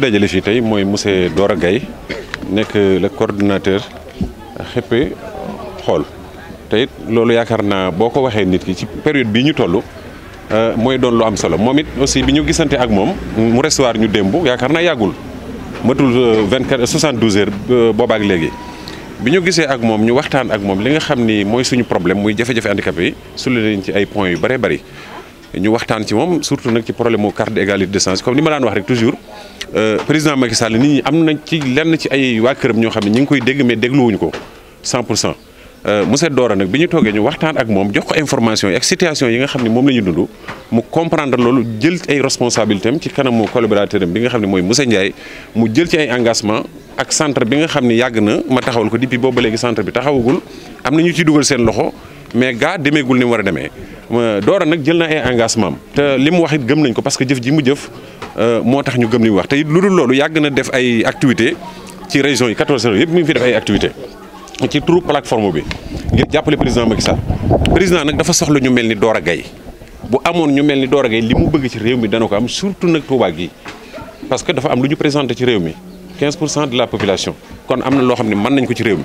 dajale fii tey mooy monsieur Dora gay nekk le coordinateur xëppe xool te loolu yaakaar naa boo ko waxee nit ki ci période bii ñu toll euh, mooy doon lu am solo moom it aussi bi ñu gisante ak moom mu recevoir ñu demb yaakaar naa yàggul matul 24 euh, 72 heures euh, boobaak léegi bi ñu gisee ak moom ñu waxtaan ak moom li nga xam ni mooy suñu problème muy jafe-jafe handicapé yi sule nañ ci ay points yu bëree bëri ñu waxtaan ci moom surtout nag ci problème mu carte d'égalité des ma daan wax rek Euh, président Macky Sall nit ñi am nañ ci lenn ci ay waa këram ñoo xam ne ñu ngi koy dégg mais dégluwuñu ko 100 pour cent euh, Dora nag bi ñu toogee ñu waxtaan ak moom jox ko information yi ak situation yi nga xam ne moom la ñu dund mu comprendre loolu jël ay responsabilité ci kanamu collaborateur am bi nga xam ne mooy monsieur Ndiaye mu jël ci ay engagement ak centre bi nga xam ne yàgg na ma taxawal ko depuis boobu ba léegi centre bi taxawagul am na ñu ci dugal seen loxo. mais gaa demeegul ni mu war a demee euh, Dora nag jël na ay engagement te li mu wax it gëm nañ ko parce que jëf ji mu jëf euh, moo tax ñu gëm li mu wax te it lu dul loolu yàgg na def ay activité ci région yi 14 yëpp mi ngi fi def ay activité ci turu plateforme bi ngir jàppale président Macky Sall président nag dafa soxla ñu mel ni Dora gay bu amoon ñu mel ni Dora Gaye li mu bëgg ci réew mi dana ko am surtout nag Touba gi parce que dafa am lu ñu présenté ci réew mi. 15 pour cent de la population kon am na loo xam ne mën nañ ko ci réew mi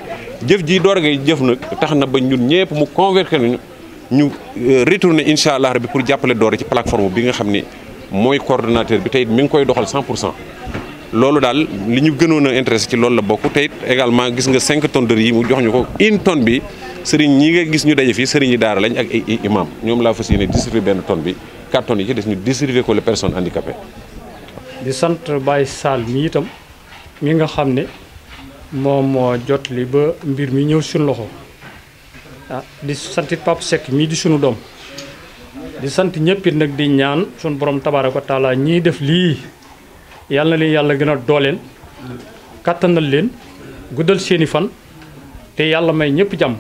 jëf ji door ngay jëf nag tax na ba ñun ñëpp mu convaincre nañu ñu euh, retourner incha allah rabi pour jàppale door doore ci plateforme bi nga xam ni mooy coordonnateur bi tey mi ngi koy doxal 100 pour cent loolu daal li ñu gënoon a intéressé ci loolu la bokk tey également gis nga 5 tonnes de yi mu jox ñu ko une tonne bi sëriñ ñi nga gis ñu daje fii sëriñ yi daara lañ ak ay imam ñoom laa fas yéene distribuer benn tonne bi 4 tonnes yi ci des ñu mi nga xam ne moom moo jot li ba mbir mi ñëw suñu loxo ah di santit Pape Seck mii di sunu doom di sant ñëpp nag di ñaan boroom borom tabaaraka taala ñii def lii yàlla na leen yàlla gën a dooleel kàttanal leen guddal seeni fan te yàlla may ñëpp jàmm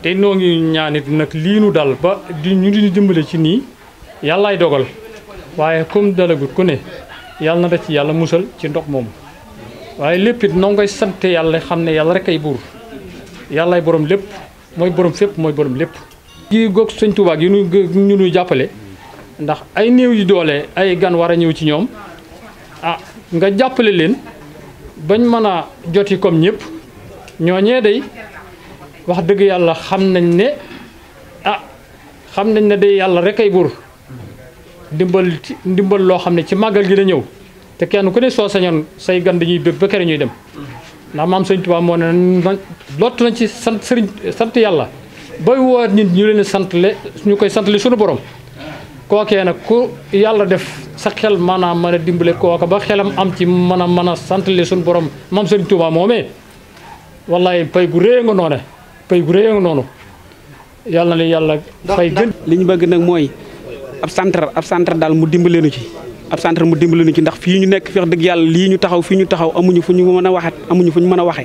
te noo ngi ñaanit nag lii nu dal ba di ñu di dimbale ci nii yàllaay dogal waaye comme dalagut ku ne yàlla na da ci yàlla musal ci ndox moomu waaye lépp it noo ngay sant yàlla xam ne yàlla rek ay buur yàllaay borom lépp mooy borom fépp mooy borom lépp. gi goog sëñ Tuubaa gi ñu ñu jàppale ndax ay néew yu doole ay gan war a ñëw ci ñoom a ah, nga jàppale leen bañ mën a joti comme ñëpp ñooñee day wax dëgg yàlla xam nañ ne a ah, xam nañ ne day yàlla rek ay buur ndimbal ndimbal loo xam ne ci màggal gi la ñëw. te kenn ku ne soo sañoon say gan dañuy bëgg ba kere ñuy dem ndax maam sëñ Tuubaa moo ne lottu nañ ci sant sëriñ sant yàlla bay woo nit ñu leen sant le ñu koy sant li suñu borom kookee nag ku yàlla def sa xel maanaam mën a dimbale kooka ba xelam am ci mën a mën a sant li suñu borom maam sëriñ Tuubaa moomee wallaay pay gu rëy nga noone pay gu rëy noonu yàlla na li yàlla fay gën li ñu bëgg nag mooy ab centre ab centre daal mu dimbaleenu ci ab centre mu dimbali ci ndax fii ñu nekk fex dëgg yàlla ñu taxaw fii ñu taxaw amuñu fu ñu mën a waxat amuñu fu ñu mën a waxe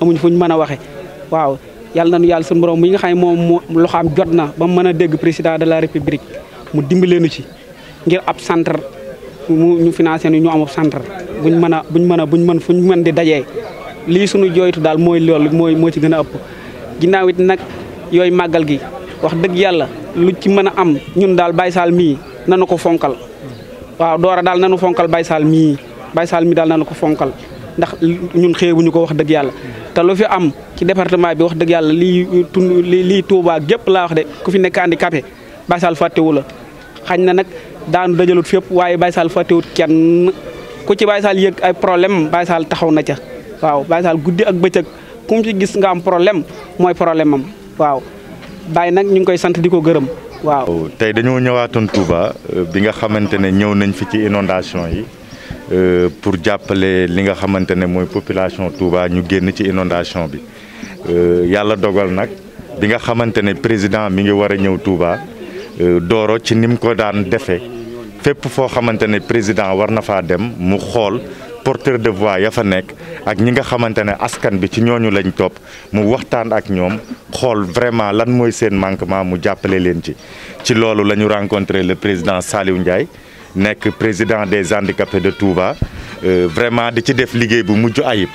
amuñu fu mën a waxe waaw yàlla nañu yàlla suñu borom mi nga xam ne moom loxaam jot na ba mën a dégg président de la république mu dimbali ci ngir ab centre mu ñu financé ñu ñu am ab centre buñ mën a buñ mën a buñ mën fuñ mën di dajee lii suñu jooytu daal mooy loolu mooy moo ci gën a ëpp ginnaaw it nag yooyu màggal gi wax dëgg yàlla lu ci mën a am ñun daal Baye Sall mii nanu ko fonkal waaw Doora daal nanu fonkal baysaal Sall mii Baye Sall mii daal nanu ko fonkal ndax ñun xeebuñu ko wax dëgg yàlla te lu fi am ci département bi wax dëgg yàlla lii tund lii Touba gépp laa wax de ku fi nekk handicapé Baye Sall fàttewu la xaañ na nag daanu dajalut fépp waaye Baye Sall fàttewut kenn ku ci Baye yëg ay problème Baye Sall taxaw na ca waaw Baye Sall guddi ak bëcëg ku mu ci gis nga am problème mooy problème am waaw Baye nag ñu ngi koy sant di ko gërëm waaw oh, tey dañoo ñëwaatoon Touba euh, bi nga xamante ne ñëw nañ fi ci inondation yi euh, pour jàppale li nga xamante ne mooy population Touba ñu génn ci inondation bi euh, yàlla dogal nag bi nga xamante ne président mi ngi war a ñëw Touba dooro ci nim ko daan defee fépp foo xamante ne président war na faa dem mu xool porteur de voix ya fa nekk ak ñi nga xamante ne askan bi ci ñooñu lañ topp mu waxtaan ak ñoom xool vraiment lan mooy seen manquement mu jàppale leen ci. ci loolu la ñu rencontré le président Saliou Ndiaye nekk président des handicapés de Touba. Euh, vraiment di ci def liggéey bu mujj ayib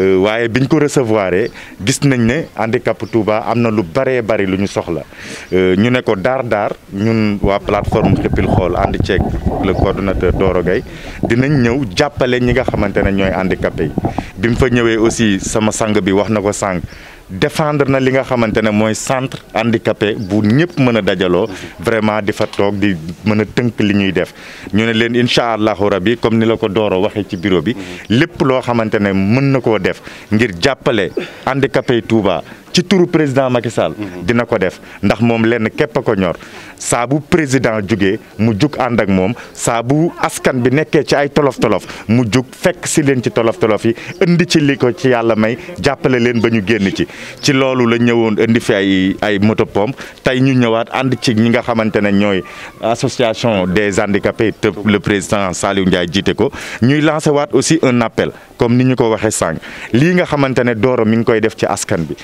euh, waaye biñ ko recevoir gis nañ ne handicap Touba am na lu bëree bëri lu ñu soxla euh, ñu ne ko daar daar ñun waa plateforme Xëppil Xool ànd ceeg le coordonnateur Doro Gaye dinañ ñëw jàppale ñi nga xamante ne ñooy handicapé yi bi mu fa ñëwee aussi sama sang bi wax na ko sàng défendre na li nga xamante ne mooy centre handicapé bu ñëpp mën a dajaloo vraiment di fa toog di mën a tënk li ñuy def ñu ne leen incha allahu rabi comme ni la ko dooro waxee ci bureau bi lépp loo xamante ne mën na koo def ngir jàppale handicapé Touba ci turu président Macky Sall. Mhm. dina ko def ndax moom lenn képp a ko ñor saabu président jugee mu jug ànd ak moom saa bu askan bi nekkee ci ay tolof tolof mu jug fekk si leen ci tolof tolof yi indi ci li ko ci yàlla may jàppale leen ba ñu génn ci. ci loolu la ñëwoon indi fi ay ay moto pompe tey ñu ñëwaat ànd ci ñi nga xamante ne ñooy association des handicapés te le président Saliou Ndiaye jiite ko ñuy lancer waat aussi un appel comme ni ñu ko waxee sànq lii nga xamante ne Doro mi ngi koy def ci askan bi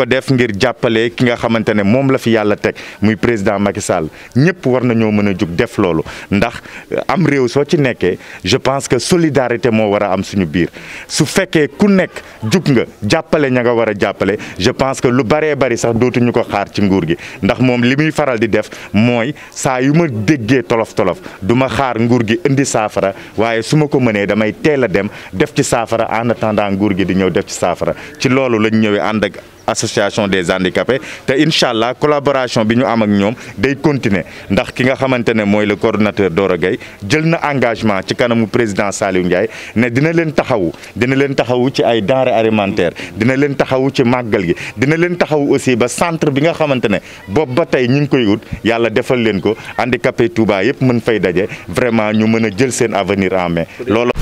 ko def ngir jàppale ki nga xamante ne moom la fi yàlla teg muy président Macky Sall ñëpp war nañoo mën a jug def loolu ndax euh, am réew soo ci nekkee je pense que solidarité moo war a am suñu biir su fekkee ku nekk jug nga jàppale ña nga war a jàppale je pense que lu baree bari sax dootuñu ko xaar ci nguur gi ndax moom li muy faral di def mooy saa yu ma déggee tolof tolof duma xaar nguur gi indi saafara waaye su ma ko mënee damay teel a dem def ci saafara en attendant nguur gi di ñëw def ci saafara ci loolu lañ ñëwee ànd association des handicapés te incha allah collaboration bi ñu am ak ñoom day continuer ndax ki nga xamante ne mooy le coordonnateur Doro Gaye jël na engagement ci kanamu président Saliou Ndiaye ne dina leen taxawu dina leen taxawu ci ay denre alimentaires dina leen taxawu ci màggal gi dina leen taxawu aussi ba centre bi nga xamante ne boobu ba tey ñu ngi koy ut yàlla defal leen ko handicapé Touba yëpp mën fay daje vraiment ñu mën a jël seen avenir en main